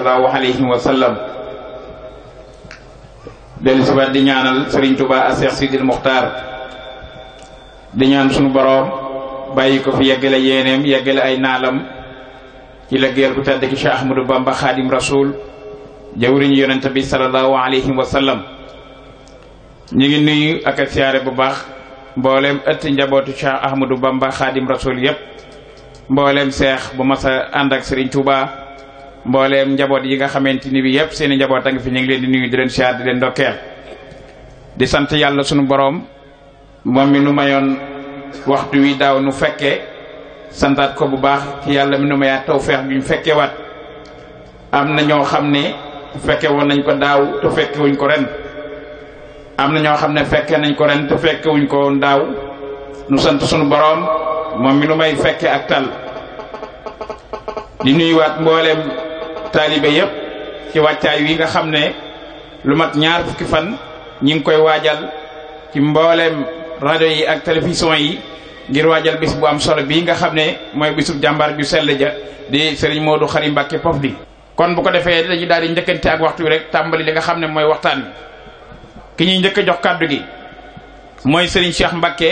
sallallahu alayhi wa sallam dellu si waat di ñaanal Serigne Touba ak Cheikh Sidil Muxtaar di ñaan sunu boroom bàyyi ko fi yeggale yéeneem yeggale ay naalam ci liggéeyal bu tedd ki Cheikh Ahmadou Bamba Xaadim Rasul jawriñu yonente bi sallallahu alayhi wa sallam ñu ngi nuyu ak siyaare bu baax mbooleem ëtt njabootu Cheikh Ahmadou Bamba Xaadim Rasul yépp mbooleem seex bu mas a ànd ak Serigne Touba mbooleem njaboot yi nga xamante ni bi yëpp seen i njaboot a ngi fi ñu leen di nuyu di leen siyaar di leen ndokkeel di sant yàlla sunu boroom moom mi nu mayoon waxtu wi daaw nu fekkee santaat ko bu baax yàlla mi nu mayaat tawfeex bi ñu fekkee waat am na ñoo xam ne fekke woon nañ ko daaw te fekke ko ren am na xam ne fekke nañ ko ren te fekke ko woon sant sunu boroom moom may fekke ak tal di nuyuwaat mbooleem taalibe yëpp ci wàccaay wi nga xam ne lu mat ñaar fukki fan ñi ngi koy waajal ci mbooleem rajo yi ak télévision yi ngir waajal bis bu am solo bii nga xam ne mooy bisub jàmbaar ju sell ja di Serigne Modou Khary Mbacké Pofdy kon bu ko defee dañu daal di njëkkante ak waxtu bi rek tàmbali li nga xam ne mooy waxtaan ki ñuy njëkk a jox kàddu gi mooy sëriñ Cheikh Mbacké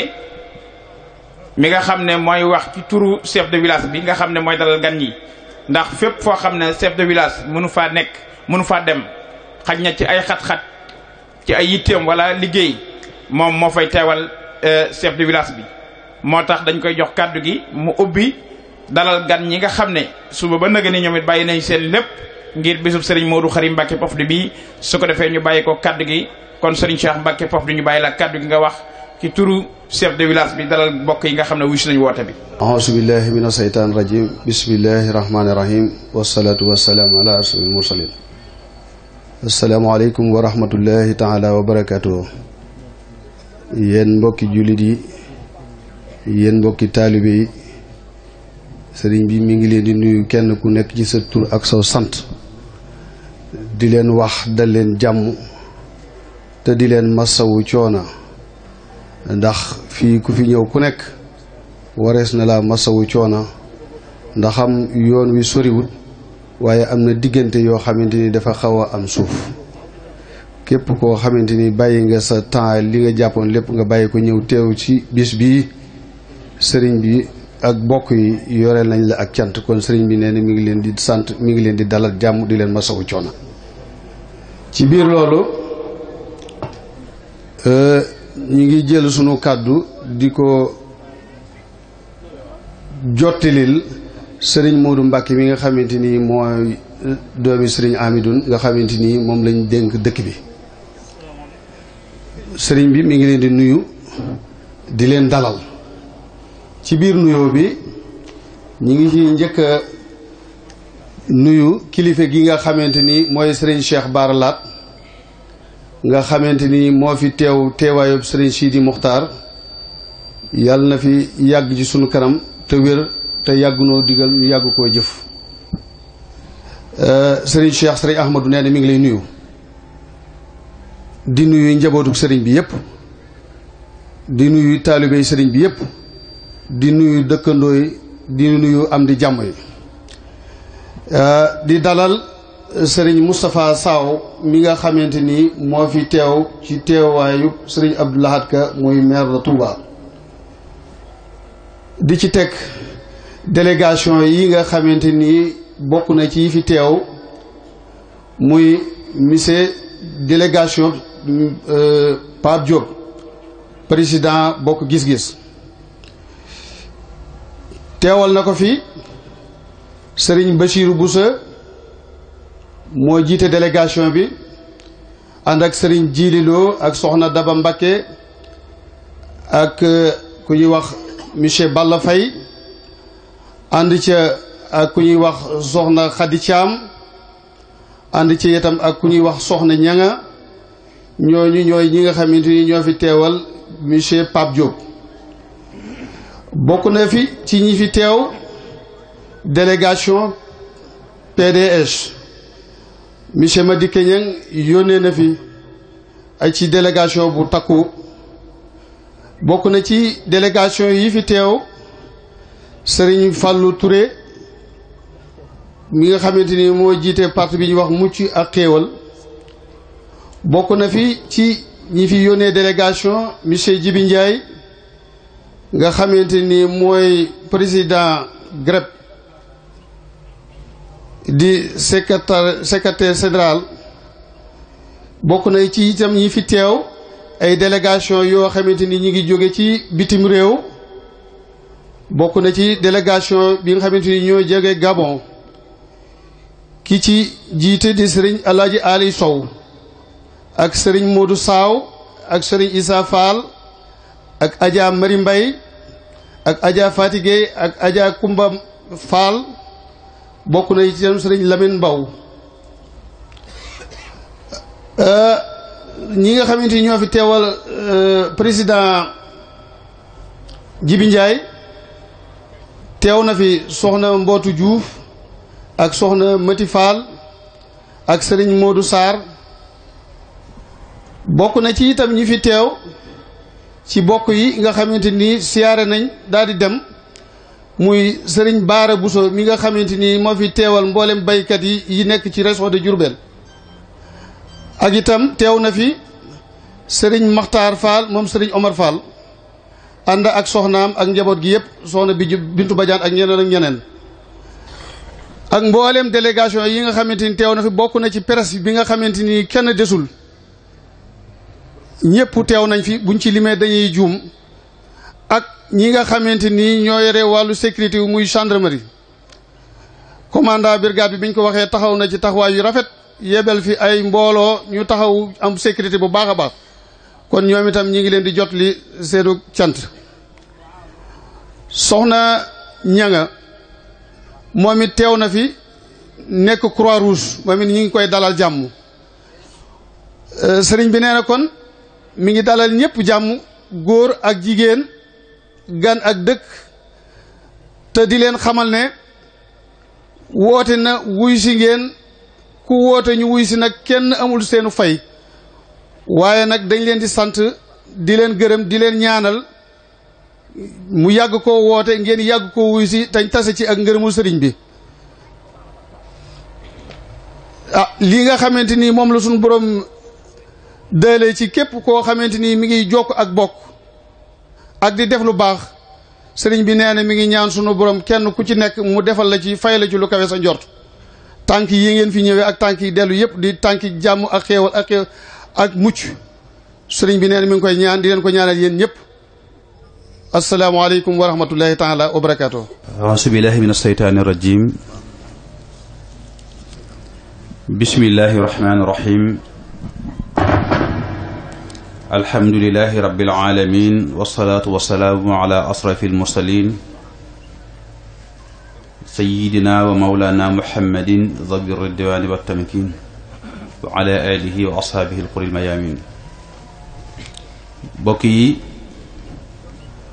mi nga xam ne mooy wax ci turu chef de village bi nga xam ne mooy dalal gan yi ndax fépp foo xam ne chef de village mënu faa nekk mënu faa dem xaj na ci ay xat-xat ci ay yitteem wala liggéey moom moo fay teewal euh, chef de village bi moo tax dañ koy jox kàddu gi mu ubbi dalal gan ñi nga xam ne suba ba nëgë ni ñoom it bàyyi nañ seen lépp ngir bisub sëriñ Modou Khary Mbacké Pofdy bi su ko defee ñu bàyyi ko kàddu gi kon sëriñ Cheikh Mbacké Pofdy ñu bàyyi la kàddu gi nga wax ci turu chef de village bi dalal mbokk yi nga xam ne wuyu si nañu woote bi aousu billahi min asheytaan rajim bismillahi rahmaani rahim wasalaatu wasalaamu ala yi yéen mbokki taalibe yi sëriñ bi mu ngi leen di nuyu kenn ku nekk ci sa tur ak saw sant di leen wax dal leen jàmm te di leen masawu coona ndax fii ku fi ñëw ku nekk warees na la masawu coona ndaxam yoon wi soriwul waaye am na diggante yoo xamante ni dafa xaw a am suuf képp koo xamante ni bàyyi nga sa temps li nga jàppoon lépp nga bàyyi ko ñëw teewu ci bis bii sëriñ bi ak bokk yi yore nañ la ak cant kon sëriñ bi nee na ngi leen di sant mi ngi leen di dalal jàmm di leen masawu coona ci biir loolu euh, ñu ngi jël sunu kàddu di ko jottilil sëriñ Modou Mbacke mi nga xamante ni mooy euh, doomi sëriñ Amidoun nga xamante ni moom lañ dénk dëkk bi sëriñ bi mu ngi leen di nuyu di leen dalal ci biir nuyoo bi ñu ngi ci njëkk a nuyu kilifa gi nga xamante ni mooy sëriñ Cheikh Baara nga xamante ni moo fi teew teewaayu sëriñ di Muxtaar yàlla na fi yàgg ci sunu kanam te wér te yàggunoo noo digal yàgg koo jëf euh, sëriñ Cheikh sëriñ Ahmadou nee na mi ngi lay nuyu di nuyu njabootu sëriñ bi yépp di nuyu taalibey sëriñ bi yépp di nuyu dëkkandoo yi di nuyu am di jàmm yi euh, di dalal sëriñ Moustapha saw mi nga xamante ni moo fi teew ci teewaayu sëriñ Abdou Lahad muy maire de Touba di ci teg délégation yi nga xamante ni bokk na ci fi teew muy monsieur délégation euh, Pape Diop président bokk gis-gis teewal na ko fi sëriñ bu Boussa moo jiite délégation bi ànd ak sëriñ jiililoo ak soxna Daba Mbakke ak euh, ku ñuy wax monsieur Balla Faye ànd ca ak ku ñuy wax soxna Khady Thiam ànd ci itam ak ku ñuy wax soxna ñanga ñooñu ñooy ñi nga xamante ni ñoo fi teewal monsieur Pape bokk na fi ci ñi fi teew délégation PDS monsieur Madické Niang yónnee na fi ay ci délégation bu takku bokk na ci délégation yi fi teew Serigne fàllu Touré mi nga xamante ni moo jiite parti bi ñuy wax mucc ak xéewal bokk na fi ci ñi fi yónnee délégation monsieur jibi Ndiaye nga xamante ni mooy président GREP di secrétaire secrétaire général bokk na ci itam yi fi teew ay délégation yoo xamante ni ñi ngi jóge ci bitim réew bokk na ci délégation bi nga xamante ni ñoo jege Gabon ki ci jiite di sëriñ Alaaji Ali Sow ak sëriñ moodu Saaw ak sëriñ Issa Fall ak Adja Mari Mbay ak Adja Fatigé ak ajaa Kumba Fall bokk na ci seen sëriñ Lamine Mbaw euh, ñi nga xamante ñoo fi teewal euh, président Jibi Ndiaye teew na fi soxna Mbootu Diouf ak soxna Mati Fall ak sëriñ Modou Sarr bokk na ci itam ñi fi teew ci bokk yi nga xamante ni siyaare nañ daal di dem muy sëriñ Baara Bousso mi nga xamante ni moo fi teewal mbooleem baykat yi yi nekk ci région de Diourbel ak itam teew na fi sëriñ Makhtar Fall moom sëriñ Omar Fall ànd ak soxnaam ak njaboot gi yëpp soxna bi Bintu Badiane ak ñeneen ak ñeneen ak mbooleem délégation yi nga xamante ni teew na fi bokk na ci presse bi nga xamante ni kenn desul ñëpp teew nañ fi buñ ci limee dañuy juum. ak ñi nga xamante ni ñoo yore wàllu sécurité wu muy gendarmerie commandant brigade bi biñ ko waxee taxaw na ci taxawaay yu rafet yebel fi ay mbooloo ñu taxaw am sécurité bu baax a baax kon ñoom itam ñi ngi leen di jot li seenu cant soxna ñanga moom it teew na fi nekk croix rouge moom it ñi ngi koy dalal jàmm euh, sëriñ bi nee kon mi ngi dalal ñëpp jàmm góor ak jigéen gan ak dëkk te di leen xamal ne woote na wuy si ngeen ku woote ñu wuy si nag kenn amul seenu fay waaye nag dañ leen di sant di leen gërëm di leen ñaanal mu yàgg koo woote ngeen yàgg koo wuy si tañ tase ci ak ngërëmul sëriñ bi ah lii nga xamante ni moom la suñu borom dële ci képp koo xamante ni mi ngi jokk ak bokk ak di def lu baax sëriñ bi nee na mi ngi ñaan sunu borom kenn ku ci nekk mu defal la ci fay la ci lu kawe sa njort tànk yi ngeen fi ñëwee ak tànk yi dellu yëpp di tànk jàmm ak xéewal ak xéew ak mucc sëriñ bi nee mi ngi koy ñaan di leen ko ñaanal yéen ñëpp asalaamaaleykum wa rahmatullahi taala wa barakaatu aasubillahi min alhamdulilahi rabbil alamin wasalaatu wasalaamu ala asrafi almursalin sayidina wa maulana muhammadin zawi ridwaani wa tamkin wa ala alihi wa ashaabihi alquril mayamin bokk yi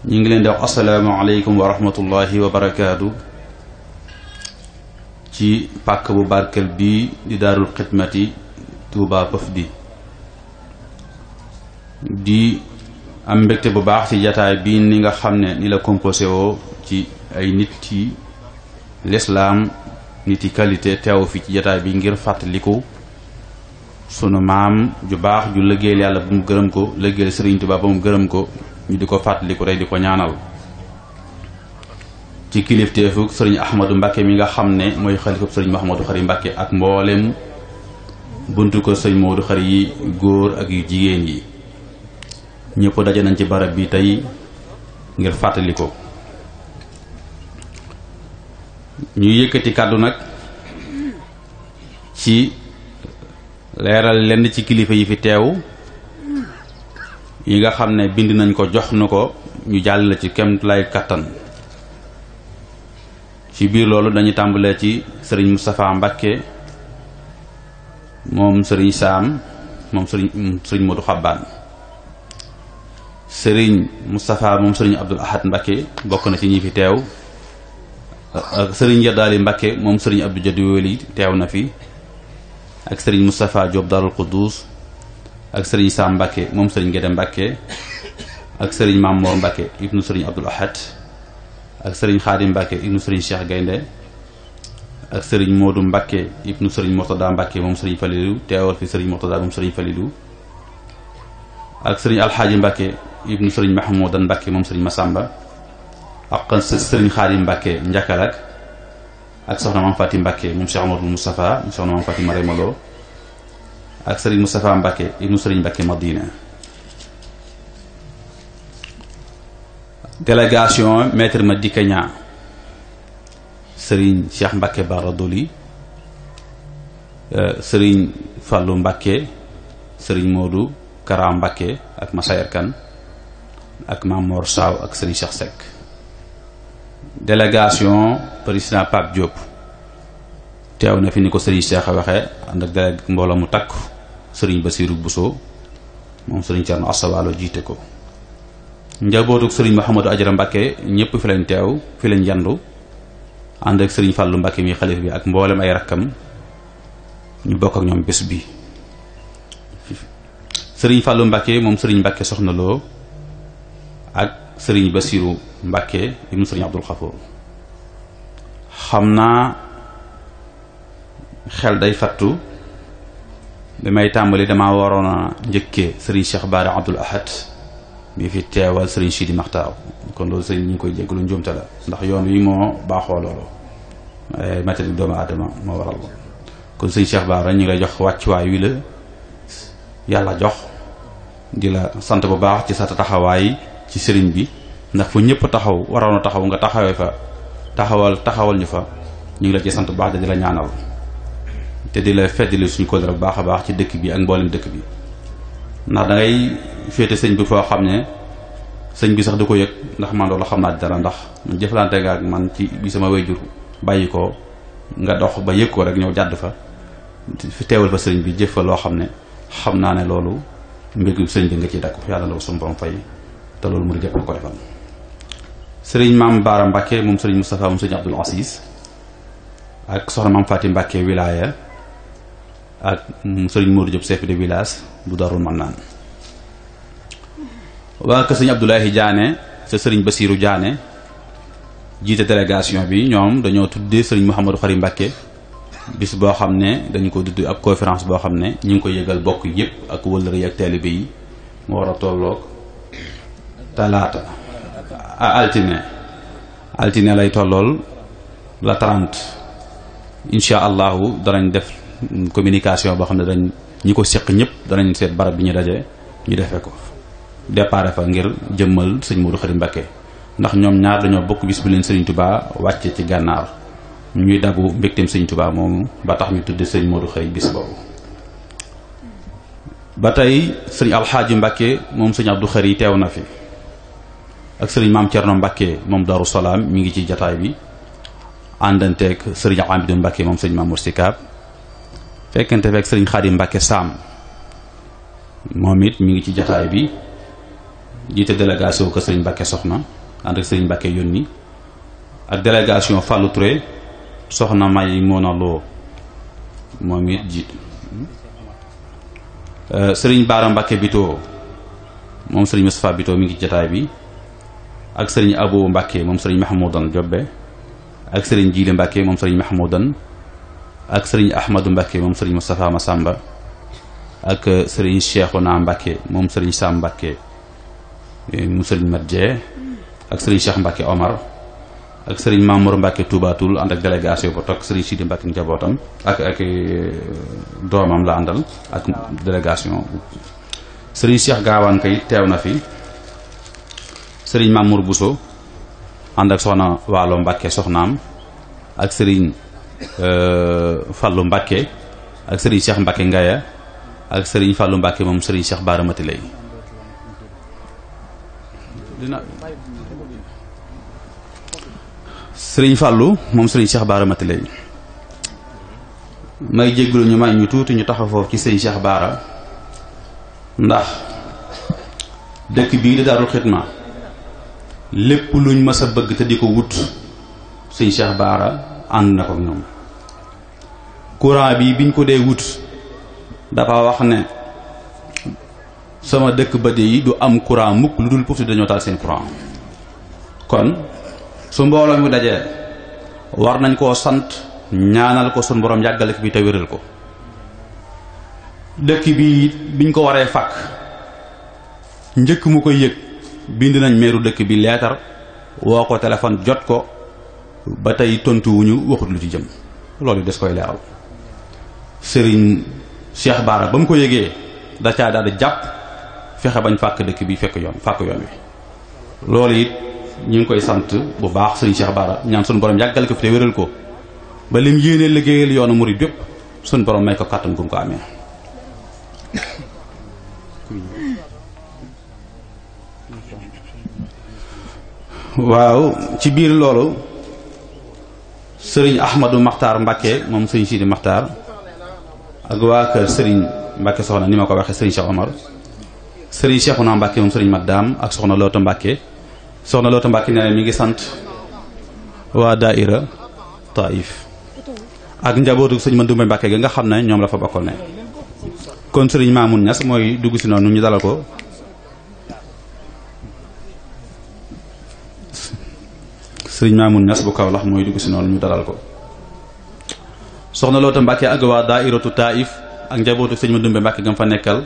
ñu ngi leen di wax asalaamu aleykum wa rahmatullahi wa barakaatu ci pàkk bu barkel bii di daarul xidmati tuubaa pëf di di am mbégte bu baax ci jataay bi ni nga xam ne ni la composé woo ci ay nit yi lislaam nit yi qualité teew fi ci jataay bi ngir fàttaliku sunu maam ju baax ju liggéeyal yàlla ba mu gërëm ko liggéeyal Sëriñ Tuubaa ba mu gërëm ko ñu di ko fàttaliku tey di ko ñaanal ci kilifteefu sëriñ Ahmadou Mbacke mi nga xam ne mooy xalifab sëriñ Mahamadou Xari Mbacke ak mboolem bunt ko sëriñ Maodo Xari yi góor ak yu jigéen yi ñëpp daje nañ ci barab bi tey ngir fàttali ko ñu yëkkati kàddu nag ci leeral lenn ci kilifa yi fi teew yi nga xam ne bind nañ ko jox nu ko ñu jàll la ci kem lay kàttan ci biir loolu dañuy tàmbalee ci sëriñ Moustapha Mbakke moom sëriñ Saam moom sëriñ sëriñ Modou Xabbaan sëriñ Moustapha moom sëriñ Abdul Ahad Mbacke bokk na ci ñi fi teew ak sëriñ Yadaali Mbacke moom sëriñ Abdou Jadi Weli teew na fi ak sëriñ Moustapha Diop Darul Quddus ak sëriñ Sam Mbacke moom sëriñ Gede Mbacke ak sëriñ Mamour Mbacke ibnu sëriñ Abdul Ahad ak sëriñ Xaadim Mbacke ibnu sëriñ Cheikh Gaynde ak sëriñ Modou Mbacke ibnu sëriñ Mortada Mbacke moom sëriñ Falilou teewal fi sëriñ Mortada moom sëriñ Falilou ak sëriñ Alxaaji Mbacke ibnu sëriñ mahmudan mbàkke moom sëriñ masàmba ak sëriñ xaadim mbàkke njakkalak ak soxna maam fati mbàkke moom cheikh amadou moustapha moom soxna maam fati maraymaloo ak sëriñ moustapha mbàkke ibnu sëriñ mbàkke madina délégation maître ma dikka ñaa sëriñ cheikh mbàkke bara euh, sëriñ fàllu mbàkke sëriñ moodu kara mbàkke ak masayar kan ak Mamor Saw ak Serigne Cheikh Seck délégation président Pape Diop teew na fi ni ko Serigne Cheikh waxee ànd ak délég mbooloo mu takk Serigne Bassirou Bousso moom Serigne Thierno Assawalo jiite ko. njabootuk Serigne Mouhamadou Ajara Mbacke ñëpp fi lañ teew fi lañ yandu ànd ak Serigne Fallou Mbacke mi xalif bi ak mboolem ay rakkam ñu bokk ak ñoom bés bi Serigne Fallou Mbacke moom sëriñ mbakke soxna ak sëriñ Basiru Mbàkke ibnu sëriñ Abdul Xafoor xam naa xel day fattu bi may tàmbali damaa waroon a njëkkee sëriñ Cheikh Baara Abdul Ahad mi fi teewal sëriñ Sidi Maxtaaw kon loolu sëriñ ñu ngi koy jéggalu njuumte la ndax yoon wi moo baaxoo loolu matériel doomu aadama moo waral ko kon sëriñ Cheikh Baara ñu ngi lay jox wàccuwaay wi la yàlla jox di la sant bu baax ci sa taxawaay ci sëriñ bi ndax fu ñëpp taxaw waroon a taxaw nga taxawee fa taxawal taxawal ñu fa ñu ngi la ci sant bu baax da di la ñaanal te di la feddali suñu kóllëre bu baax a baax ci dëkk bi ak mboolem dëkk bi ndax dangay féete sëñ bi foo xam ne sëñ bi sax di ko yëg ndax man loolu xam naa di dara ndax man jëflante nga ak man ci bi sama wayjur bàyyi ko nga dox ba yëg ko rek ñëw jàdd fa fi teewal fa sëriñ bi jëf fa loo xam ne xam naa ne loolu mbir mi sëñ bi nga ciy dakk yàlla la ko suñu borom fay te loolu murid gépp nga ko defal sëriñ maam Baara Mbacke moom sëriñ Moustapha moom sëriñ Abdul Aziz ak soxna maam Fatim Mbacke wilaya ak sëriñ Modou Diop chef de village bu Darou Manane waa kër sëriñ Abdoulaye Diané sa sëriñ Basirou Diané jiite délégation bi ñoom dañoo tuddee sëriñ Mouhamadou Khari Mbacke bis boo xam ne dañu ko dudd ak conférence boo xam ne ñu ngi ko yëgal bokk yëpp ak wëllëre yi ak taalibe yi moo war a tolloog talaata altine altine lay tollool la 30 incha allahu danañ def communication boo xam ne dañ ñi ko seq ñëpp danañ seet barab bi ñu daje ñu defe ko départ fa ngir jëmmal sëñ Modou Khari Mbacké ndax ñoom ñaar dañoo bokk bis bu leen sëriñ Touba wàcce ci gànnaar ñuy dabu mbégteem sëñ Touba moomu ba tax ñu tudde sëñ Modou Khari bis boobu ba tey sëñ Alxaaji Mbacké moom sëñ Abdou Khari teew na fi ak sëriñ maam Thierno Mbacke moom Darou Salaam mi ngi ci jataay bi àndanteeg sëriñ Amidou Mbacke moom sëriñ Mamour Sikaab fekkente fekk sëriñ Xaadim Mbacke Saam moom it mi ngi ci jataay bi jiite délégation ko sëriñ Mbacke Soxna ànd ak sëriñ Mbacke yónni ak délégation Fallou Touré Soxna May Mona Lo moom it jiitu euh, sëriñ Baara Mbacke Bito moom sëriñ Moustapha Bito mi ngi ci jataay bi. ak sëriñ Abou Mbacke moom sëriñ Mahmoudan Jobbe ak sëriñ Jiile Mbacke moom sëriñ Mahmoudan ak sëriñ Ahmadou Mbacke moom sëriñ Moustapha Massamba ak sëriñ Cheikhouna Mbacke moom sëriñ Sam Mbacke mu sëriñ Madje ak sëriñ Cheikh Mbacke Omar ak sëriñ Mamour Mbacke Toubatul ànd ak délégation ba toog sëriñ Sidi Mbacke njabootam ak ak eh, doomam la àndal ak délégation sëriñ Cheikh Gaawaan kay teew na fi. sëriñ Mamour Bousso ànd ak soxna Waalo Mbàkke soxnaam ak sëriñ euh, Fallou Mbàkke ak sëriñ Cheikh Mbàkke Ngaya ak sëriñ Fallou Mbàkke moom sëriñ Cheikh Baara Mati lay sëriñ Fallou moom sëriñ Cheikh Baara Mati lay may jégglu ñu may ñu tuuti ñu taxaw foofu ci sëriñ Cheikh Baara ndax dëkk bii di Daarul Xidma lépp luñ mës a bëgg te di ko wut sëñ Cheikh Baara ànd na ko ñoom bii bi biñ ko dee wut dafa wax ne sama dëkk ba yi du am courant mukk lu dul pour si dañoo taal seen courant kon su mbooloo mu dajee war nañ koo sant ñaanal ko suñ borom yàggale fi te wéral ko dëkk bi biñ ko waree fàkk njëkk mu ko yëg bind nañ meeru dëkk bi leetar woo ko téléphone jot ko ba tey tontuwuñu waxut lu ci jëm loolu des koy leeral sëriñ Cheikh Baara ba mu ko yëgee da caa daal jàpp fexe bañ fàkk dëkk bi fekk yoon fàkk yoon wi loolu it ñu ngi koy sant bu baax sëriñ Cheikh Baara ñaan suñu borom yàggal ko fi te wéral ko ba lim yéenee liggéeyal yoonu murid yëpp suñu borom may ko kàttan gu ko amee waaw ci biir loolu sëriñ Ahmadou Makhtar Mbacke moom sëriñ Sidi Makhtar ak waa kër sëriñ Mbacke soxna ni ma ko waxee sëriñ Cheikh Omar sëriñ Cheikhouna Mbacke moom sëriñ Madame ak soxna Loota Mbacke soxna Loota Mbacke nee mi ngi sant waa Daïra Taïf ak njabootu sëñ Mandoumbe Mbacke gi nga xam ne ñoom la fa bokkoon ne kon sëriñ Mamoun Niass mooy dugg si noonu ñu dalal ko. sëriñ Maamun Ñas bu kaw Kawlax mooy dugg si noonu ñu dalal ko soxna Loota Mbàkke ak waa daairatu Taif ak njabootu sëñ ma dumbe Mbàkke gam fa nekkal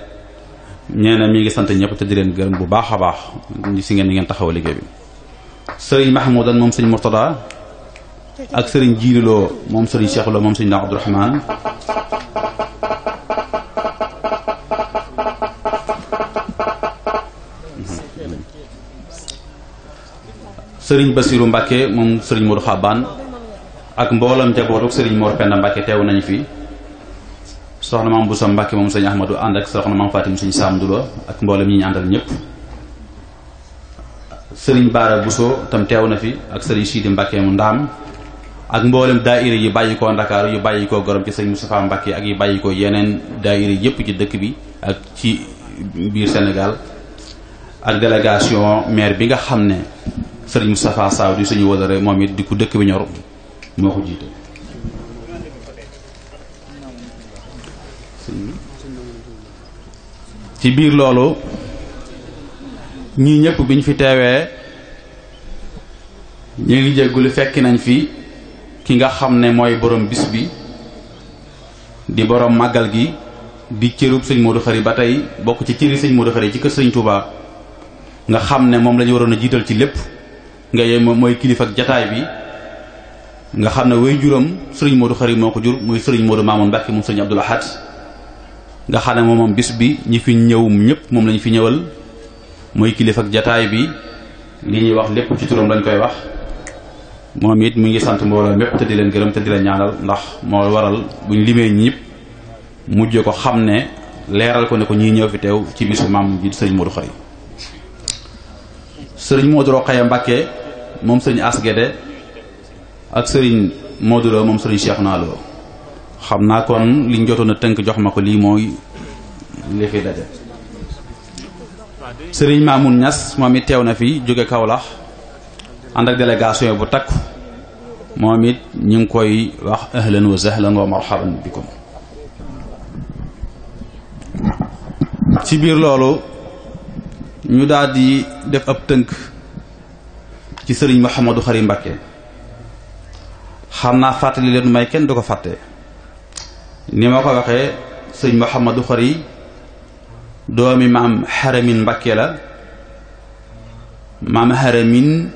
ñee na ngi sant ñëpp te di leen gërëm bu baax a baax si ngeen di ngeen taxaw liggéey bi sëriñ Mahmoudan moom sëñ Mourtada ak sëriñ Jiililoo moom sëriñ Cheikh Lo moom sëñ Abdourahman sëriñ Basiru Mbàkke moom sëriñ Modou Xabaan ak mboolam njabootu sëriñ Mor Penda Mbàkke teew nañu fi soxna maam Boussa Mbàkke moom sëriñ Ahmadou ànd ak soxna maam Fatim sëriñ Saam Dulo ak mboolam ñi ñu àndal ñëpp teew na fi ak sëriñ Sidi Mbàkke mu ndaam ak mboolem daayira yi bàyyi koo Ndakaaru yu bàyyi koo ci sëñ Moustapha ak yi bàyyi koo yeneen daayira yëpp ci dëkk bi ak ci biir senegal ak délégation maire bi nga xam ne sëriñ Moustapha Saw di suñu wóolare moom it di ku dëkk bi ñor moo ko jiite. ci biir loolu ñii ñëpp biñ fi teewee ñu ngi jéggulu fekki nañ fi ki nga xam ne mooy boroom bis bi di borom màggal gi di cërub sëñ Modou Khari ba tey bokk ci cëri sëñ Modou Khari ci kër sëñ Touba nga xam ne moom la waroon a jiital ci lépp. nga yee mooy kilifa jataay bi nga xam ne way juróom sëriñ Modou Xari moo ko jur muy sëriñ Modou Mamoun Mbacke moom sëriñ Abdoul Ahad nga xam ne moom bis bi ñi fi ñëw ñëpp moom lañu fi ñëwal mooy kilifa jataay bi li ñuy wax lépp lañ koy wax moom it mu ngi sant mbooloo mépp te di leen gërëm te di la ñaanal ndax moo waral buñ limee ñëpp mujj ko xam ne leeral ko ne ko ñuy ñëw fi teew ci bisu maam bi sëriñ Modou Xari sëriñ Modou Rokhaya Mbacke moom sëriñ asgede ak sëriñ mooduloo moom sëriñ Cheikh xam naa kon liñ jotoon a tënk jox ma ko lii mooy li fi daje sëriñ Mamoun Niass moom it teew na fi jóge Kaolack ànd ak délégation bu takku moom it ñu ngi koy wax ahlan wa sahlan wa marhaban bikum ci biir loolu ñu daal def ab tënk ci sëriñ Mouhamadou xari mbakke xam naa fàttali leen may kenn du ko fàtte ni ma ko waxee sëriñ du Khary doomi maam Haramin mbakke la maam Haramin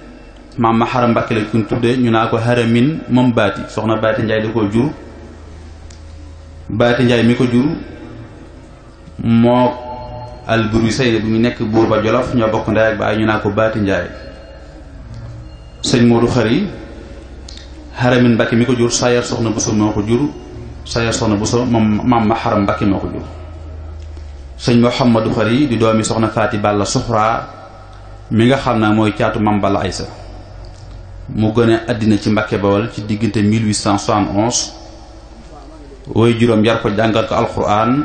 maam ma xaram Mbacké la kuñ tuddee ñu naa ko Haramin moom baati soxna baati Njaay da koo jur baati Njaay mi ko jur moo bi say bu ñu nekk buur ba Jolof ñoo bokk ndey ak baay ñu naa ko baati Njaay sëñ Modou Khary Haramin Mbacke mi ko jur Sayar Soxna Bousso moo ko jur Sayar Soxna Bousso moom maam ma Haram Mbacke moo ko jur. sëñ Mouhamadou Khary di doomi soxna Faati Balla Suxra mi nga xam ne mooy caatu mam Aysa mu gën àddina ci Mbacke Bawol ci diggante 1871 wooy juróom yar ko jàngal ko alquran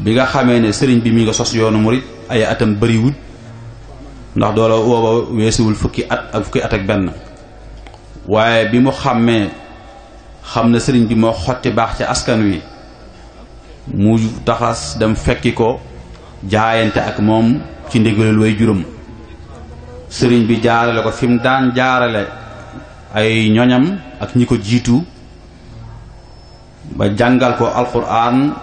bi nga xamee ne sëriñ bi mi nga sos yoonu murit ay atam bëriwut. ndax doola wooba weesuwul fukki at ak fukki at ak benn waaye bi mu xàmmee xam na sëriñ bi moo xotti baax ci askan wi mu taxas dem fekki ko jaayante ak moom ci ndigalul way juróom sëriñ bi jaarale ko fi mu daan jaarale ay ñoñam ak ñi ko jiitu ba jàngal ko alxuraan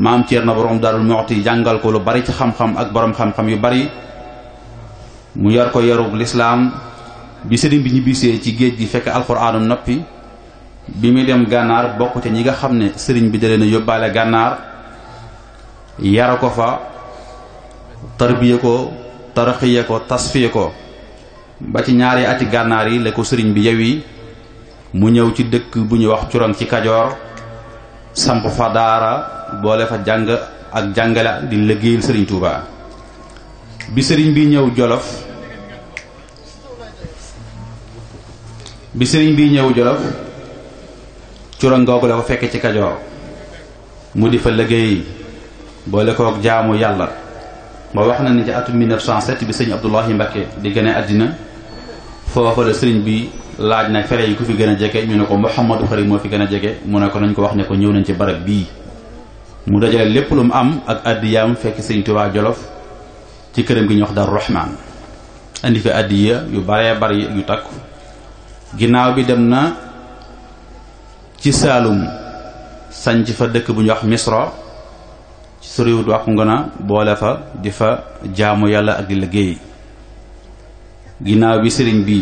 maam na boroom Daarul Muxti jàngal ko lu bari ci xam-xam ak boroom xam-xam yu bari mu yar ko yarug lislaam bi sëriñ bi ñibbisee ci géej gi fekk alxuraanu noppi bi muy dem gànnaar bokk ci ñi nga xam ne sëriñ bi da na a yóbbaale gànnaar yara ko fa tarbiye ko taraxiye ko tasfiye ko ba ci ñaari ati gànnaar yi la ko sëriñ bi yewi mu ñëw ci dëkk bu ñu wax curang ci kajoor samp fa daara boole fa jàng ak jàngale di liggéeyal sëriñ Touba. bi sëriñ bi ñëw jolof bi sëriñ bi ñëw jolof cura ngoogu la ko fekkee ci kajoor mu di fa liggéey boole kook jaamu yàlla ba wax na ni ci atum 1907 bi sëriñ Abdoulahi Mbakke di gën a àddina foofa la sëriñ bi laaj na fere yi ku fi gën a jege ñu ne ko Mouhamadou Xari moo fi gën a jege mu ne ko nañ ko wax ne ko ñëw nañ ci barab bii mu dajale lépp lu mu am ak addiyaam fekk sëriñ Tuubaa Jolof ci këram gi ñuy wax Daaru Rahmaan indi fi addiya yu baree bari yu takku ginnaaw bi dem na ci Saalum sanc fa dëkk bu ñuy wax misro ci soriwut wax ngona boole fa di fa jaamu yàlla ak di liggéey ginnaaw bi sëriñ bi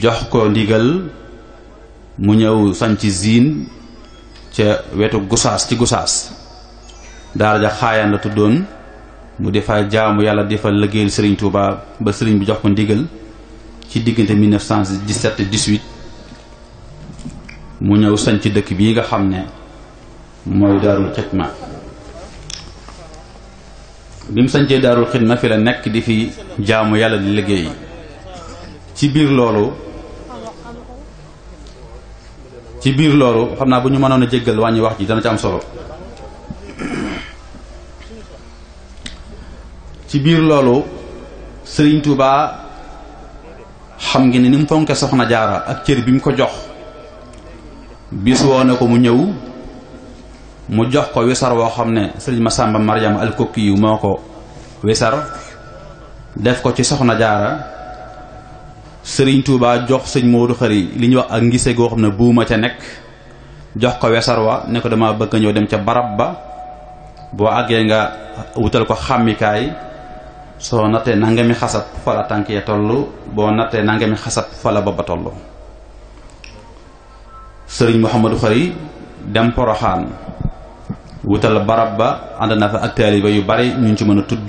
jox ko ndigal mu ñëw sanc ziin ca wetu gusaas ci gusaas daara ja xaayaan la tuddoon mu defaa jaamu yàlla di fa liggéeyal sëriñ Touba ba sëriñ bi jox ko ndigal ci diggante 1917 18 mu ñëw sañ dëkk bii nga xam ne mooy daarul xidma bi mu sañcee daarul xidma fi la nekk di fi jaamu yàlla di liggéey ci biir loolu ci biir loolu xam naa bu ñu mënoon a jéggal wàññi wax ji dana ci am solo ci biir loolu sëriñ Touba xam nga ne ni mu fonke soxna jaara ak cër bi mu ko jox bis woo na ko mu ñëw mu jox ko wisar woo xam ne sëriñ Masamba Mariam alkokki yu moo ko wisar def ko ci soxna jaara sëriñ Touba jox sëñ Modou Khari li ñuy wax ak ngise goo xam ne buuma ca nekk jox ko wesar wa ne ko dama bëgg ñëw dem ca barab ba boo àggee nga wutal ko xàmmikaay soo nattee nangami xasab fa la tànk ya toll boo nattee nangami xasab fa la baba toll sëriñ Mouhamadou Khari dem poroxaan wutal barab ba ànd na fa ak taaliba yu bari ñu ci mën a tudd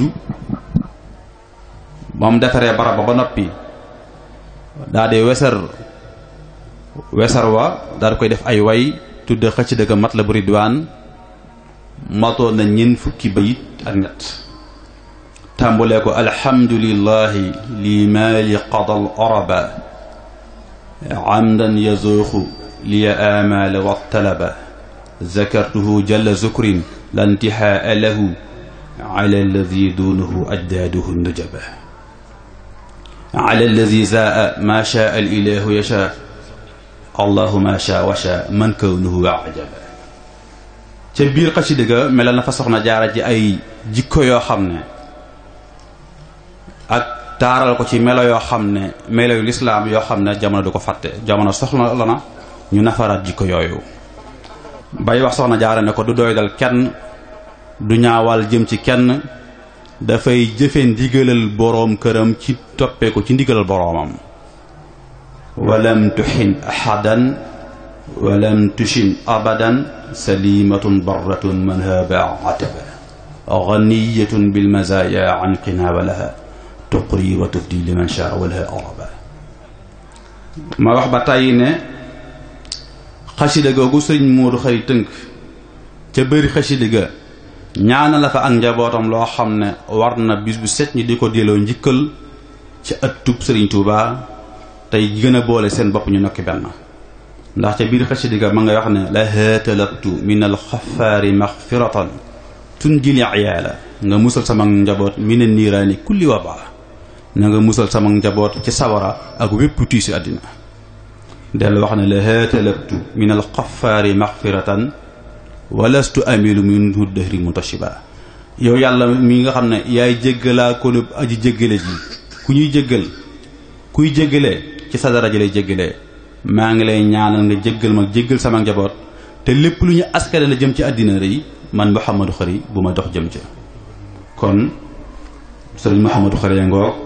moom defaree barab ba ba noppi daa di wesar wesar wa daal koy def ay way tudde xëcc dëgg mat la bu ridwaan matoo na ñeent fukki bayit ak ñett tàmbulee ko alhamdulillahi li maali qadal araba amdan yazuuxu liya aamaala wattalaba zakartuhu jalla zukrin la ntihaa lahu ala alladi duunahu ajdaaduhu nujaba ala alladi zaa maa shaa al ilahu yashaa allahu maa shaa wa shaa man kawnuhu wa ajaba ca biir xasida ga melal na fa soxna jaara ji ay jikko yoo xam ne ak taaral ko ci melo yoo xam ne melo yu lislaam yoo xam ne jamono du ko fàtte jamono soxla na ñu nafaraat jikko yooyu bay wax soxna jaara na ko du doy dal kenn du ñaawal jëm ci kenn dafay jëfe ndigalal boroom këram ci toppee ko ci ndigalal boroomam walam tuxin ahadan walam tushin abadan salimatun barratun man haba ataba ganiyatun bilmazaya an qinaa walaha tuqri wa tubdi ma wax ba tàyyi ne xasida googu sëriñ Moodu xëy tënk ca bëri xasida ga ñaana la fa ak njabootam loo xam ne war na bis bu set ñi di ko delloo njikkal ci ëttub sëriñ Tuuba tey gën a boole seen bopp ñu nokki benn ndax ca biir xasida ga ma ngay wax ne la hatalabtu min alxafaari maxfiratan tun jili iyaala nga musal sama njaboot min a niiraani kulli wabaa na nga musal sama njaboot ci sawara ak wépp tiisi àddina del wax ne la haatalabtu min al xafaari maxfiratan walastu amilu minhu dahri mutashiba yow yàlla mi nga xam ne yaay jéggalaa konub aji jéggale ji ku ñuy jéggal kuy jéggalee ci sa daraja lay jéggalee maa ngi lay ñaanal nga jéggal ma jéggal sama njaboot te lépp lu ñu askale la jëm ci àddina rëy man Mouhamadou Khary bu ma dox jëm ca kon sëriñ Mouhamadou Khary ngoo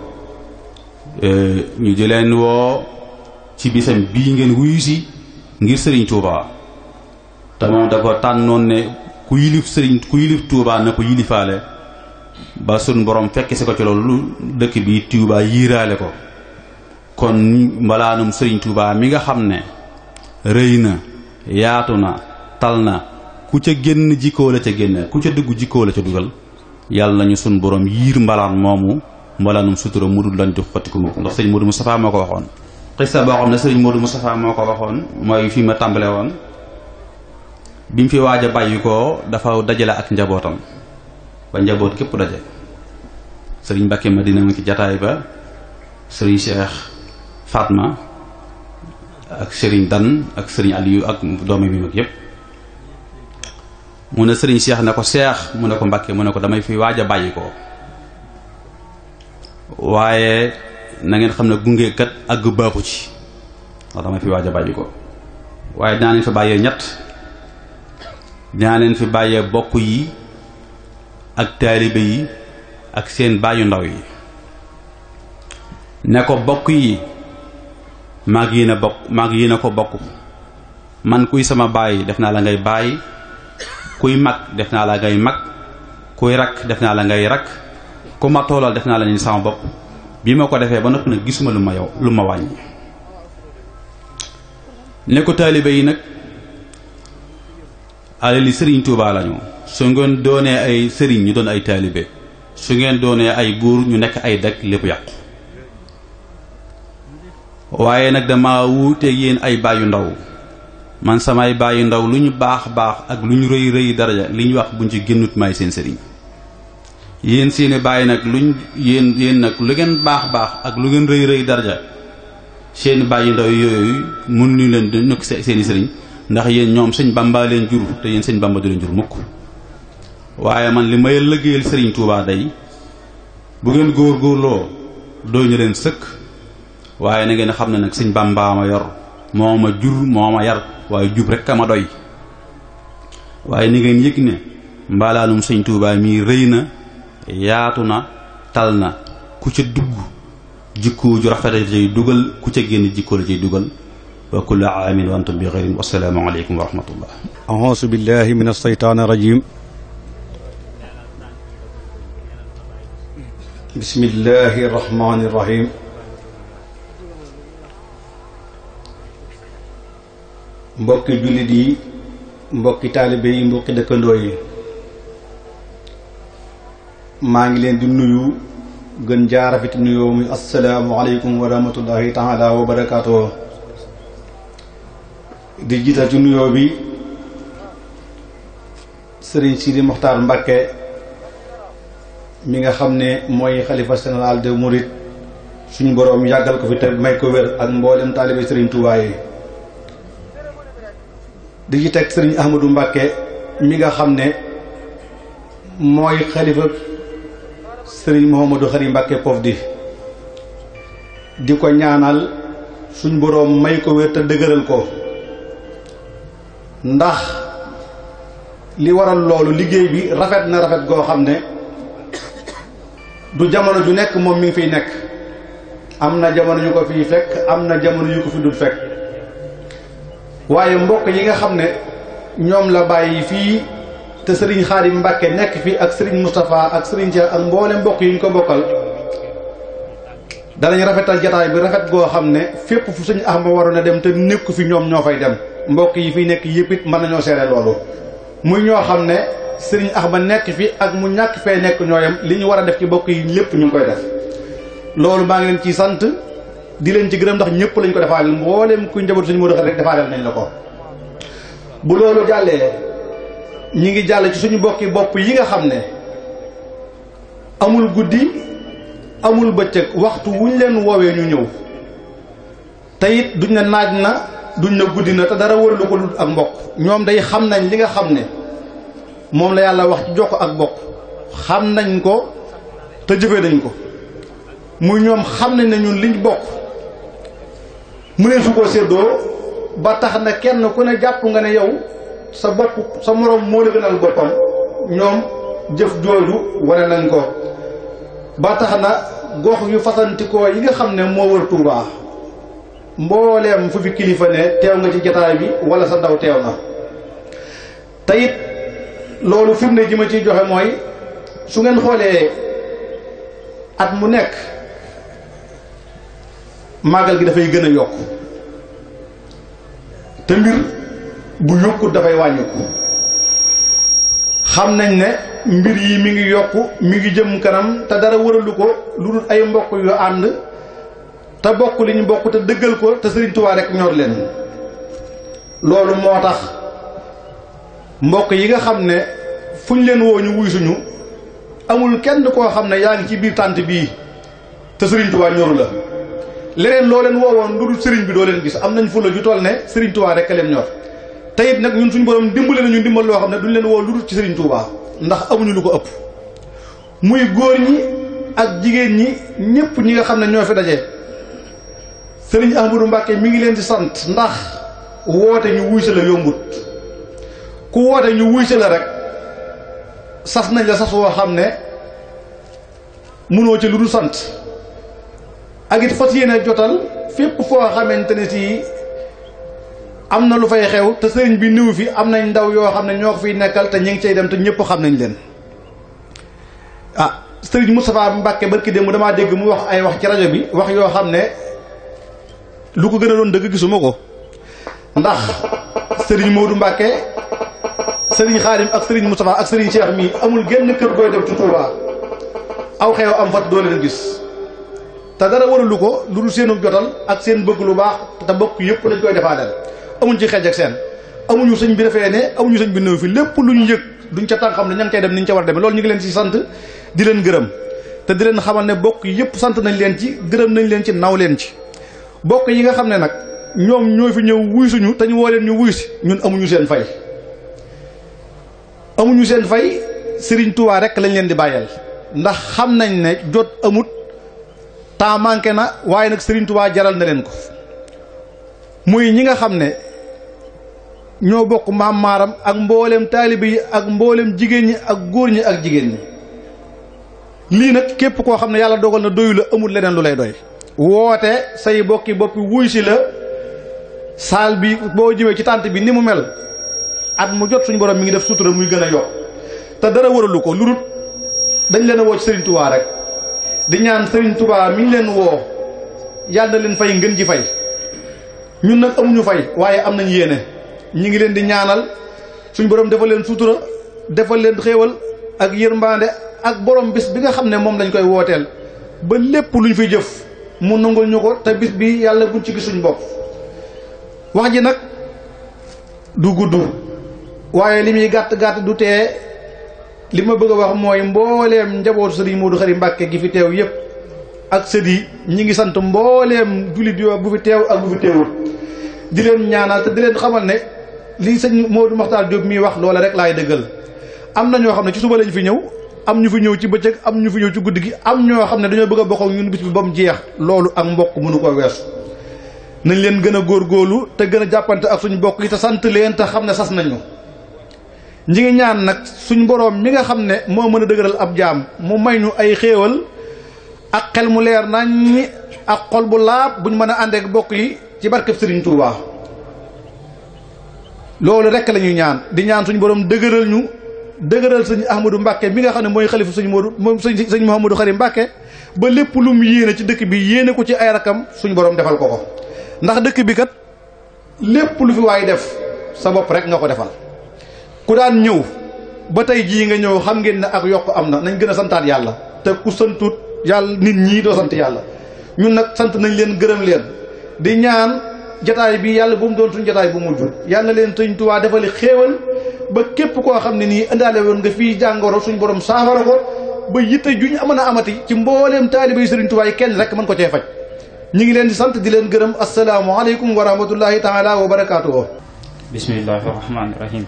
Euh, ñu di woo ci bisam bii ngeen wuyu ngir sëriñ Touba te moom da ko tànnoon ne ku yilif sëriñ ku yilif Touba na ko yilifaale ba sun borom fekk si ko ci lu dëkk bi Touba yiiraale ko kon mbalaanum sëriñ Touba mi nga xam ne rëy na yaatu na tal na ku ca génn jikkoo la ca génn ku ca dugg jikkoo la ca dugal yàlla nañu sun borom yiir mbalaan moomu mbalaanum sutura mudul lañ di xottiku mukk ndax sëñ Modou Moustapha moo ko waxoon xista boo xam ne sëñ Modou Moustapha moo ko waxoon mooy fii ma tàmbale woon bi mu fi waaj a bàyyi dafa dajale ak njabootam ba njaboot képp daje sëriñ ma dina mu ci jataay ba sëriñ Cheikh Fatma ak sëriñ Dan ak sëriñ Aliou ak doome bi mag yépp mu ne sëriñ Cheikh ne ko Cheikh mu ne ko Mbàkke mu ne ko damay fi waaja a bàyyi waaye nangeen ngeen xam ne gungeekat àgg baaxu ci ndax dama fi waaj bàyyi ko waaye dinaa leen fi bàyyee ñett dinaa leen fi bàyyee bokk yi ak taalibe yi ak seen bàyyu ndaw yi ne ko bokk yi mag yi na bokk ko bokk man kuy sama baay def naa la ngay baay kuy mag def naa la ngay mag kuy rakk def naa la ngay rakk ku ma toolal def naa la ni sama bopp bi ma ko defee ba noppi nag gisuma lu ma lu ma wàññi ne ko taalibe yi nag li sëriñ Tuubaa lañu su ngeen doonee ay sëriñ ñu doon ay taalibe su ngeen doonee ay buur ñu nekk ay dëkk lépp yàqu waaye nag dama wuuteeg yéen ay bàyyu ndaw man samay bàyyu ndaw lu ñu baax baax ak lu ñu rëy rëy daraja li ñu wax buñ ci génnut maay seen sëriñ yéen seeni bàyyi nag luñ yéen yéen nag lu ngeen baax baax ak lu ngeen rëy rëy darja seeni bàyyi ndaw yooyu mun luñu leen di nekk seeni sëriñ ndax yéen ñoom sëñ bamba leen jur te yéen sëñ bamba du leen jur mukk waaye man li may liggéeyal sëriñ Touba day bu ngeen góor góorloo doo ñu leen sëkk waaye na ngeen xam ne nag sëñ bamba ma yor moo ma jur moo ma yar waaye jub rek a ma doy waaye ni ngeen yëg ne mbaalaalum sëñ Touba mii rëy na yaatu na tal na ku ca dugg jikko ju cay dugal ku ca génn jikko la cay dugal wa kullu aamin wa antum bi xeyrin wassalaamu aleykum wa rahmatullah auzu billahi min alseytaan rajim bismillahi rahmani mbokki jullit yi mbokki taalibe yi mbokki dëkkandoo yi maa ngi leen di nuyu gën jaarafiti nuyoo muy asalaamualeykum wa rahmatullahi taala wa barakaatu di jiital ci nuyoo bi sëriñ Sidi Moxtaar Mbakke mi nga xam ne mooy xalifa général de Mouride suñu boroom yàggal ko ak mboolem taalibe sëriñ Tuubaa di ci teg mi nga xam ne mooy xalifa sëriñ Mouhamadou Khary Mbacké Kof di di ko ñaanal suñ boroom may ko wér te dëgëral ko ndax li waral loolu liggéey bi rafet na rafet goo xam ne du jamono ju nekk moom mi ngi fiy nekk am na jamono yu ko fiy fekk am na jamono yu ko fi dul fekk waaye mbokk yi nga xam ne ñoom la bàyyi fii te sëriñ Khadim Mbacke nekk fi ak Serigne Moustapha ak Serigne Cheikh ak mboolem mbokk yi ñu ko bokkal danañ rafetal jataay bi rafet goo xam ne fépp fu ax Ahmad waroon a dem te nekku fi ñoom ñoo fay dem mbokk yi fi nekk yëpp it mën nañoo seere loolu muy ñoo xam ne sëriñ ax Ahmad nekk fi ak mu ñàkk fee nekk ñooyam li ñu war a def ci mbokk yi lépp ñu ngi koy def loolu maa ngi leen ci sant di leen ci gërëm ndax ñëpp lañ ko defaaleel mboolem kuy njabootu sëñ Modou Khari rek defaaleel nañ la ko ñi ngi jàll ci suñu bokki bopp yi nga xam ne amul guddi amul bëccëg waxtu wuñ leen woowee ñu ñëw te it duñ na naaj na duñ na guddi na te dara wërlu ko dul ak mbokk ñoom day xam nañ li nga xam ne moom la yàlla wax ci jox ko ak bokk xam nañ ko te jëfee nañ ko muy ñoom xam nañ ne ñun liñ bokk mu ne su ko séddoo ba tax na kenn ku ne jàpp nga ne yow sa bopp sa moroom moo la gënal boppam ñoom jëf jooju wane nañ ko ba tax na gox yu fasantikoo yi nga xam ne moo wër Tuubaa mbooleem fu fi kilifa ne teew nga ci jataay bi wala sa ndaw teew na te it loolu firnde ji ma ciy joxe mooy su ngeen xoolee at mu nekk màggal gi dafay gën a yokk te mbir bu yokkut dafay wàññiku xam nañ ne mbir yi mi ngi yokku mi ngi jëm kanam te dara wëralu ko lu dul ay mbokk yu ànd te bokk li ñu bokk te dëggal ko te Sëriñ Tuubaa rek ñor leen loolu moo tax mbokk yi nga xam ne fu ñu leen woo ñu wuy suñu amul kenn koo xam ne yaa ngi ci biir tànt bii te Sëriñ Tuubaa ñoru la leneen loo leen woowoon lu dul sëriñ bi doo leen gis am nañ fu la ju toll ne Sëriñ Tuubaa rek a leen ñor te nag ñun suñu borom dimbale nañu dimbal loo xam ne duñ leen woo lu dul ci Serigne Touba ndax amuñu lu ko ëpp muy góor ñi ak jigéen ñi ñëpp ñi nga xam ne ñoo fi daje Serigne Ahmadou Mbacke mi ngi leen di sant ndax woote ñu wuy si la yombut ku woote ñu wuy si la rek sas nañ la sas woo xam ne mënoo ci lu sant ak it fas yéene jotal fépp foo xamante ne si am na lu fay xew te sëriñ bi niw fi am nañ ndaw yoo xam ne ñoo ko fiy nekkal te ñu ngi cay dem te ñëpp xam nañ leen ah sëriñ Moustapha Mbacke barki démb damaa dégg mu wax ay wax ci rajo bi wax yoo xam ne lu ko gën a doon dëgg gisuma ko ndax sëriñ Modou Mbacke sëriñ Xaadim ak sëriñ Moustapha ak sëriñ Cheikh mii amul génn kër gooy def ci Touba aw xew am fat doo leen gis te dara waralu ko lu dul seenu jotal ak seen bëgg lu baax te bokk yëpp dañ koy defaadal amuñ ci xej seen amuñu sëñ bi ne amuñu sëñ bi néew fi lépp lu ñu duñ ca tànk xam ne ña ngi dem ni ca war a demee loolu ñu ngi leen sant di leen gërëm te di leen xamal ne bokk yëpp sant nañ leen ci gërëm nañ leen ci naw leen ci bokk yi nga xam ne nag ñoom ñoo fi ñëw wuy suñu te woo leen ñu wuy si ñun amuñu seen fay amuñu seen fay Serigne Touba rek lañ leen di bàyyeel ndax xam nañ ne jot amut temps manqué na waaye nag sëriñtuwaa jaral na leen ko muy ñi nga xam ne ñoo bokk maam maaram ak mbooleem taalibe yi ak mbooleem jigéen ñi ak góor ñi ak jigéen ñi lii nag képp koo xam ne yàlla dogal na doyu la amul leneen lu lay doy woote say bokki boppi wuy si la saal bi boo jëmee ci tànt bi ni mu mel at mu jot suñu borom mi ngi def sutura muy gën a yokk te dara waralu ko lu dul dañ leen a woo ci Serigne Touba rek di ñaan Serigne Touba mi ngi leen woo yàlla leen fay ngën ji fay ñun nag amuñu fay waaye am nañu yéene ñi ngi leen di ñaanal suñ borom defal leen sutura defal leen xéewal ak yërmbaande ak borom bis bi nga xam ne moom lañ koy wooteel ba lépp luñ fi jëf mu nangu ñu ko te bis bi yàlla buñ ci gis bopp wax ji nag du gudd waaye li muy gàtt gàtt du tee li ma bëgg a wax mooy mbooleem njabootu sëriñ Modou Khary Mbacke gi fi teew yépp ak sët yi ñi ngi sant mbooleem jullit yoo bu fi teew ak bu fi teewul di leen ñaanal te di leen xamal ne lii sëñ Modou Makhtar Diop mi wax loola rek laay dëggal am na ñoo xam ne ci suba lañ fi ñëw am ñu fi ñëw ci bëccëg am ñu fi ñëw ci guddi gi am ñoo xam ne dañoo bëgg a bokk ak ñun bi ba mu jeex loolu ak mbokk mënu koo weesu nañ leen gën a góor góorlu te gën a jàppante ak suñu bokk yi te sant leen te xam ne sas nañu ñi ngi ñaan nag suñ boroom mi nga xam ne moo mën a dëgëral ab jaam mu may ñu ay xéewal ak xel mu leer nañ ak xol bu laab buñ mën a àndeek bokk yi ci barkeb Sëriñ Tuubaa loolu rek la ñuy ñaan di ñaan suñu boroom dëgëral ñu dëgëral sëñ Ahmadou Mbacke mi nga xam ne mooy xalifu sëñ Modou moom sëñ sëñ Mouhamadou Khari Mbacke ba lépp lu mu yéene ci dëkk bi yéene ko ci ay rakam suñu boroom defal ko ko ndax dëkk bi kat lépp lu fi waay def sa bopp rek nga ko defal ku daan ñëw ba tey jii nga ñëw xam ngeen ne ak yokk am na nañ gën a santaat yàlla te ku santut yàlla nit ñi doo sant yàlla ñun nag sant nañ leen gërëm leen di ñaan. jataay bi yàlla bu mu doon suñ jataay bu mujj yàlla leen sëñ Tuubaa defali xéewal ba képp koo xam ne nii indaale woon nga fii jàngoro suñ boroom saafara ko ba yitte juñ mën a amati ci mbooleem taalibe yi sëriñ kenn rek mën ko cee faj ñu ngi leen di sant di leen gërëm asalaamaaleykum wa rahmatullahi taala wa barakaatuhu bismillahi rahmaani rahim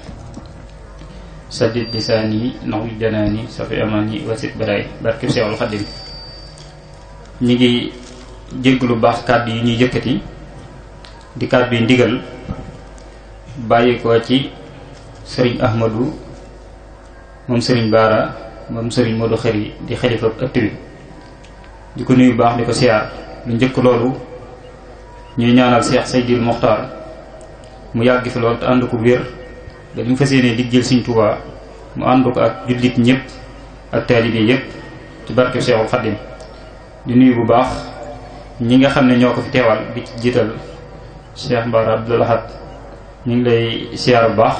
sadid lisaan yi naxul janaan yi safi amaan yi wasit baraay barkib Seexul lu baax ñu yi di kàddu yi ndigal bàyyi ko ci sëriñ ahmadu moom sëriñ baara moom sëriñ Modou Xari di xalifa ëtt bi di ko nuyu baax di ko siyaar lu njëkk loolu ñuy ñaanal Cheikh Seydil Mokhtar mu yàgg fi loolu te ànd ko wér ba li mu fas yéenee liggéeyal Sëriñ Tuubaa mu ànd ko ak jullit ñëpp ak taalibe yëpp ci barkeb Cheikhul Xadim di nuyu bu baax ñi nga xam ne ñoo ko fi teewal bi ci jiital Cheikh Mbaar Abdoul ñu ngi lay siyaar bu baax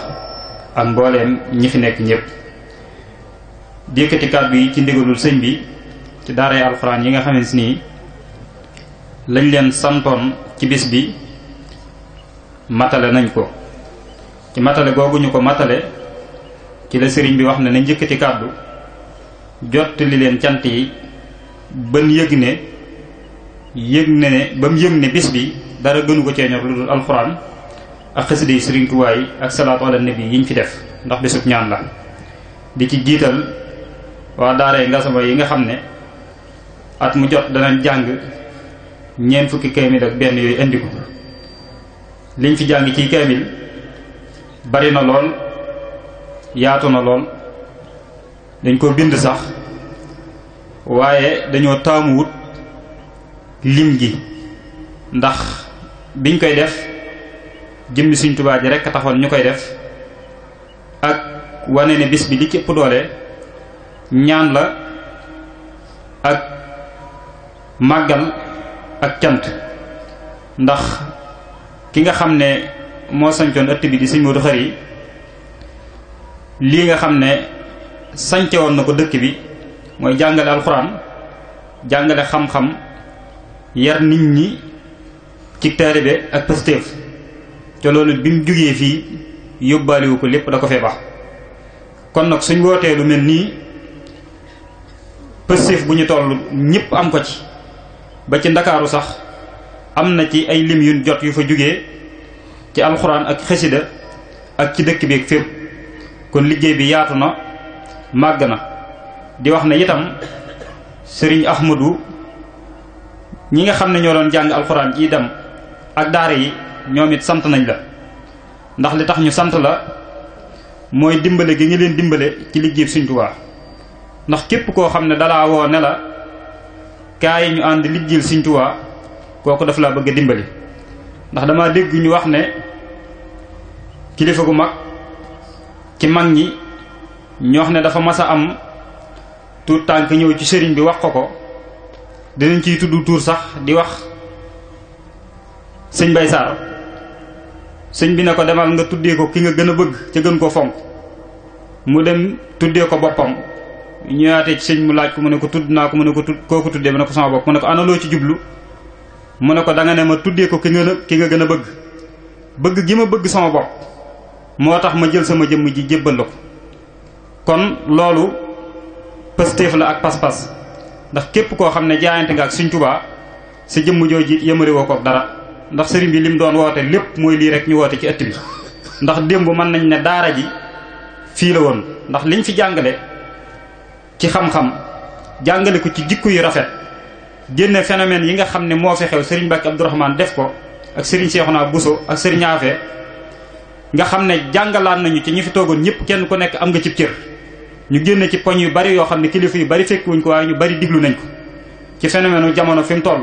ak mbooleem ñi fi nekk ñëpp dikkati kàddu yi ci ndigalul sëñ bi ci daaray alxuraan yi nga xam ne nii lañ leen santoon ci bis bi matale nañ ko ci matale googu ñu ko matale ci la sëriñ bi wax na na njëkkati kàddu jottali leen cant yi ba yëg ne yëg ne ne ba mu yëg ne bis bi dara gënu ko cee ñor lu dul alxuraan ak xasida yi Sëriñ ak salaatu ala nabi yi ñu fi def ndax bésub ñaan la di ci jiital waa daaree Ngasamba yi nga xam ne at mu jot danañ jàng ñeent fukki kaamil ak benn yooyu indi ko liñ fi jàng ci kaamil bari na lool yaatu na lool dañ ko bind sax waaye dañoo taamuwut lim gi ndax biñ koy def jëmmi Sëriñ Tuubaa ji rekk taxoon ñu koy def ak wane ne bis bi li ci ëpp doole ñaan la ak màggal ak cant ndax ki nga xam ne moo sancoon ëtt bi di Sëriñ Moodu Xari yi lii nga xam ne sance woon na ko dëkk bi mooy jàngale alxuraan jàngale xam-xam yar nit ñi ci taalibe ak pastéef te loolu bi mu jugee fii yóbbaaliwu ko lépp da ko fee bax kon nag suñ wootee lu mel nii pastéef bu ñu toll ñëpp am ko ci ba ci ndakaaru sax am na ci ay lim yuñ jot yu fa jugee ci alxuraan ak xasida ak ci dëkk bi ak fépp kon liggéey bi yaatu na màgg na di wax na itam sëriñ Ahmadu ñi nga xam ne ñoo doon jàng alxuraan ci dem ak daara yi ñoom it sant nañ la ndax li tax ñu sant la mooy dimbale gi nga leen dimbale ci liggéey Sëriñ Tuubaa ndax képp koo xam ne dalaa woo ne la kaay ñu ànd liggéeyal Sëriñ Tuubaa kooku daf la bëgg dimbali ndax dama dégg ñu wax ne kilifa gu mag ci mag ñi ñu wax ne dafa mas a am tuur tànk ñëw ci sëriñ bi wax ko ko dinañ ciy tudd tuur sax di wax sëñ bay saar sëñ bi ne ko demal nga tuddee ko ki nga gën a bëgg ca gën ko fonk mu dem tuddee ko boppam ñëwaatee ci sëñ mu laaj ku mu ne ko tudd naa ko mu ne ko tudd kooku tuddee mu ne ko sama bopp mu ne ko ana loo ci jublu mu ne ko da ne ma tuddee ko ki nga nga gën a bëgg bëgg gi ma bëgg sama bopp moo tax ma jël sama jëmm ji jébbal la ko kon loolu pëstéef la ak pas-pas ndax képp koo xam ne jaayante nga ak Sëñ Tuubaa sa jëmm jooji yëmari woo ko dara ndax sëriñ bi lim doon woote lépp mooy lii rek ñu woote ci ëtt bi ndax démb mën nañ ne daara ji fii la woon ndax liñ fi jàngale ci xam-xam jàngale ko ci jikku yu rafet génne phénomène yi nga xam ne moo fi xew sëriñ Mbàkke Abdourahmane def ko ak sëriñ naa Buso ak sëriñ nga xam ne jàngalaan nañu ci ñu fi toogoon ñëpp kenn ku nekk am nga cib cër ñu génne ci poñ yu bari yoo xam ne kilifa yu bari fekkuwuñ ko waaye ñu bari diglu nañ ko ci phénomène jamono fi mu toll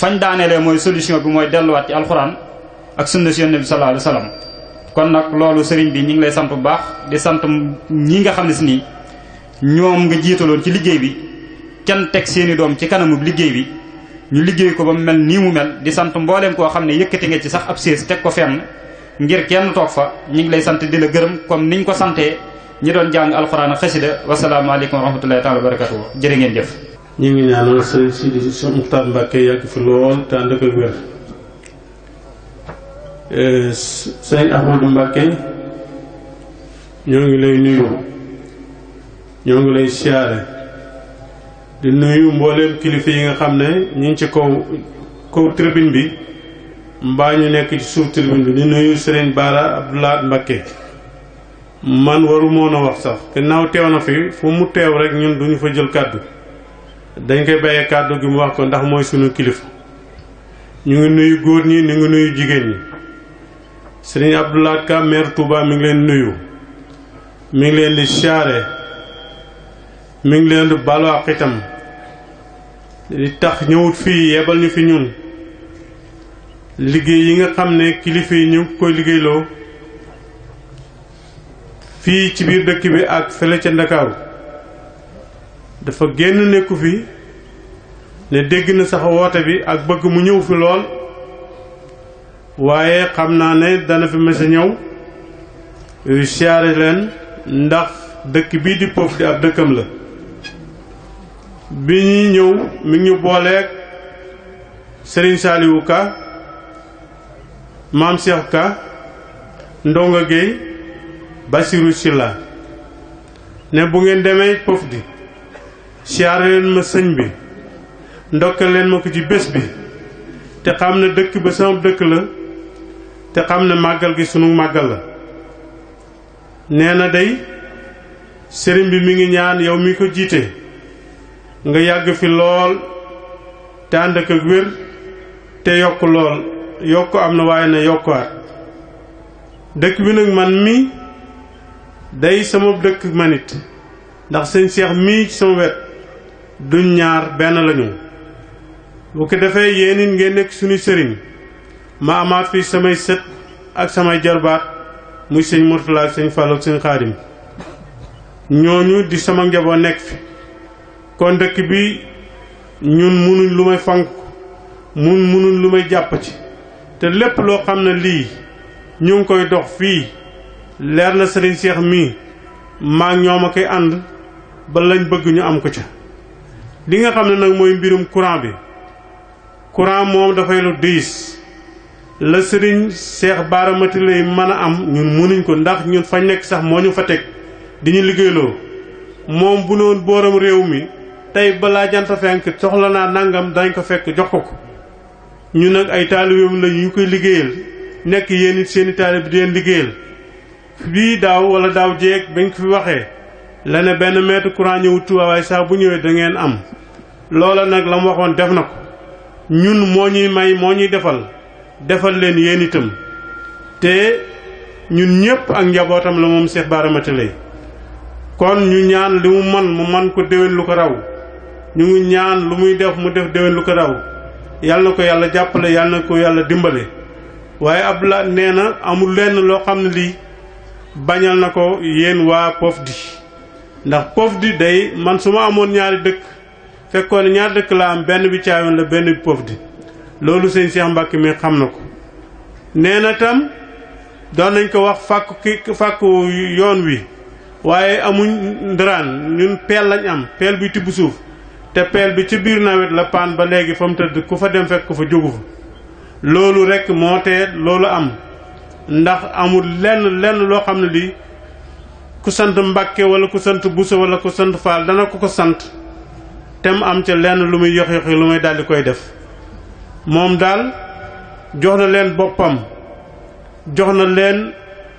fañ daanelee mooy solution bi mooy delluwaat ci alxuraan ak sunna si yonent bi sallallahu alayhi kon nag loolu sëriñ bi ñu ngi lay sant bu baax di sant ñi nga xam ne si nii ñoom nga jiitaloon ci liggéey bi kenn teg seeni doom ci kanamu liggéey bi ñu liggéey ko ba mu mel nii mu mel di sant mbooleem koo xam ne yëkkati nga ci sax ab sées teg ko fenn ngir kenn toog fa ñu ngi lay sant di la gërëm ni ñu ko santee ñi doon jàng alxuraan ak xasida wasalaamualeykum wa rahmatullahi taala wa ngeen jëf ñu ngi ñaanal sëriñ Sidi Cheikh Muxtaar Mbàkke yàgg fi lool te ànd ak wér eh, sëriñ Ahmadu Mbàkke ñoo ngi lay nuyu ñoo ngi lay siyaare di nuyu mbooleem kilifa yi nga xam ne ñu ngi ci kaw kaw tribune bi mbaa ñu nekk ci suuf tribune bi di nuyu sëriñ ab laat Mbàkke man waru moon a wax sax gannaaw teew na fi fu mu teew rek ñun duñu fa jël kàddu dañ koy bàyyee kàddu gi mu wax ko ndax mooy sunu kilifa ñu ngi nuyu góor ñi ñu ngi nuyu jigéen ñi sëriñ Abdou Lahad Ka maire Touba mi ngi leen nuyu mi ngi leen di siyaare mi ngi leen di baloo ak itam li tax ñëwut fii yebal ñu fi ñun liggéey yi nga xam ne kilifa yi ñu ngi koy liggéeyloo fii ci biir dëkk bi ak fële ca Ndakaaru dafa génn nekku fi ne dégg na sax woote bi ak bëgg mu ñëw fi lool waaye xam naa ne dana fi mës a ñëw siyaare leen ndax dëkk bii di Pouf di ab dëkkam la bi ñuy ñëw mi ngi ñu booleeg Serigne Ka Maam Cheikh Ka Ndonga Gueye Bassirou Sylla ne bu ngeen demee Pouf di siyaare leen ma sëñ bi ndokkal leen ma ko ci bés bi te xam ne dëkk ba sama dëkk la te xam ne màggal gi sunu màggal la nee na dey sëriñ bi mi ngi ñaan yow mi ko jiite nga yàgg fi lool te ànd ak ak wér te yokk lool yokk am na waaye na yokkuwaat dëkk bi nag man mi day sama dëkk manit ndax sëñ Seex mii ci sama wet duñ ñaar benn lañu bu ki defee yéenin ngeen nekk suñu sëriñ ma amaat fii samay sët ak samay jarbaat muy sëñ Murtala ak sëñ seen ak sëñ Xaadim ñooñu di sama njaboo nekk fi kon dëkk bi ñun mënuñ lu may fonk mun mënuñ lu may jàpp ci te lépp loo xam ne lii ñu ngi koy dox fii leer na sëriñ Seex mii maa ñoom a koy ànd ba lañ bëgg ñu am ko ca li nga xam ne nag mooy mbirum courant bi courant moom dafay lu diis la sëriñ Cheikh Bara Mati lay mën a am ñun mënuñ ko ndax ñun fañ nekk sax moo ñu fa teg di ñu liggéeyloo moom bu noon booram réew mi tey balaa jant fenk soxla naa nangam dañ ko fekk jox ko ko ñu nag ay taalibeem la ñu koy liggéeyal nekk yéen it seen i taalib di leen liggéeyal bii daaw wala daaw jeeg bañ ko fi waxee la benn mètre courant ñëwut Tuuba waaye saa bu ñëwee da ngeen am loola nag la mu waxoon def na ko ñun moo ñuy may moo ñuy defal defal leen yéen itam te ñun ñëpp ak njabootam la moom Cheikh Bara kon ñu ñaan li mu man mu man ko déwén lu ko raw ñu ngi ñaan lu muy def mu def déwén lu ko raw yàlla na ko yàlla jàppale yàlla na ko yàlla dimbale waaye ab Abdoulaye nee na amul lenn loo xam ne lii bañal na ko yen waa Pofdy ndax poof di day man su ma amoon ñaari dëkk fekkoon ne ñaari dëkk la am benn bi caayoon la benn bi poof di loolu sëñ Cheikh Mbacke mi xam na ko nee na tam doon nañ ko wax fàkk ki fàkku yoon wi waaye amuñ ndaraan ñun peel lañ am peel bi tibb suuf te peel bi ca biir nawet la paan ba léegi fa mu tëdd ku fa dem fekk ku fa jógu fa loolu rekk moo tee loolu am ndax amul lenn lenn loo xam ne lii ku sant Mbàkke wala ku sant Buso wala ku sant Faal dana ko ko sant te mu am ca lenn lu muy yox yoxi lu muy daldi koy def moom daal jox na leen boppam jox na leen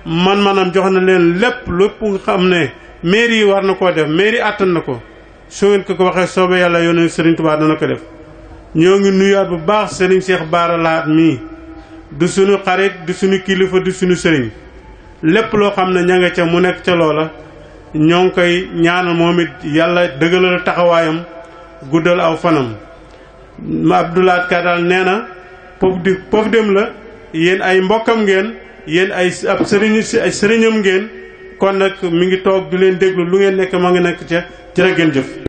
man-manam jox na leen lépp lépp nga xam ne mairie yi war na koo def mairie àttan na ko soo ngeen ko ko waxee soobee yàlla yónnee Serigne Touba dana ko def ñoo ngi nuyaat bu baax Serigne Cheikh Bara Lahat mii du sunu xarit du sunu kilifa di sunu Serigne. lépp loo xam ne ña nga ca mu nekk ca loola ñoo ngi koy ñaanal moom it yàlla dëggalal taxawaayam guddal aw fanam ma Abdoulaat Ka nee na pof di dem la yéen ay mbokkam ngeen yéen ay ab sëriñ ay sëriñam ngeen kon nag mi ngi toog du leen déglu lu ngeen nekk ma ngi nekk ca jërë geen jëf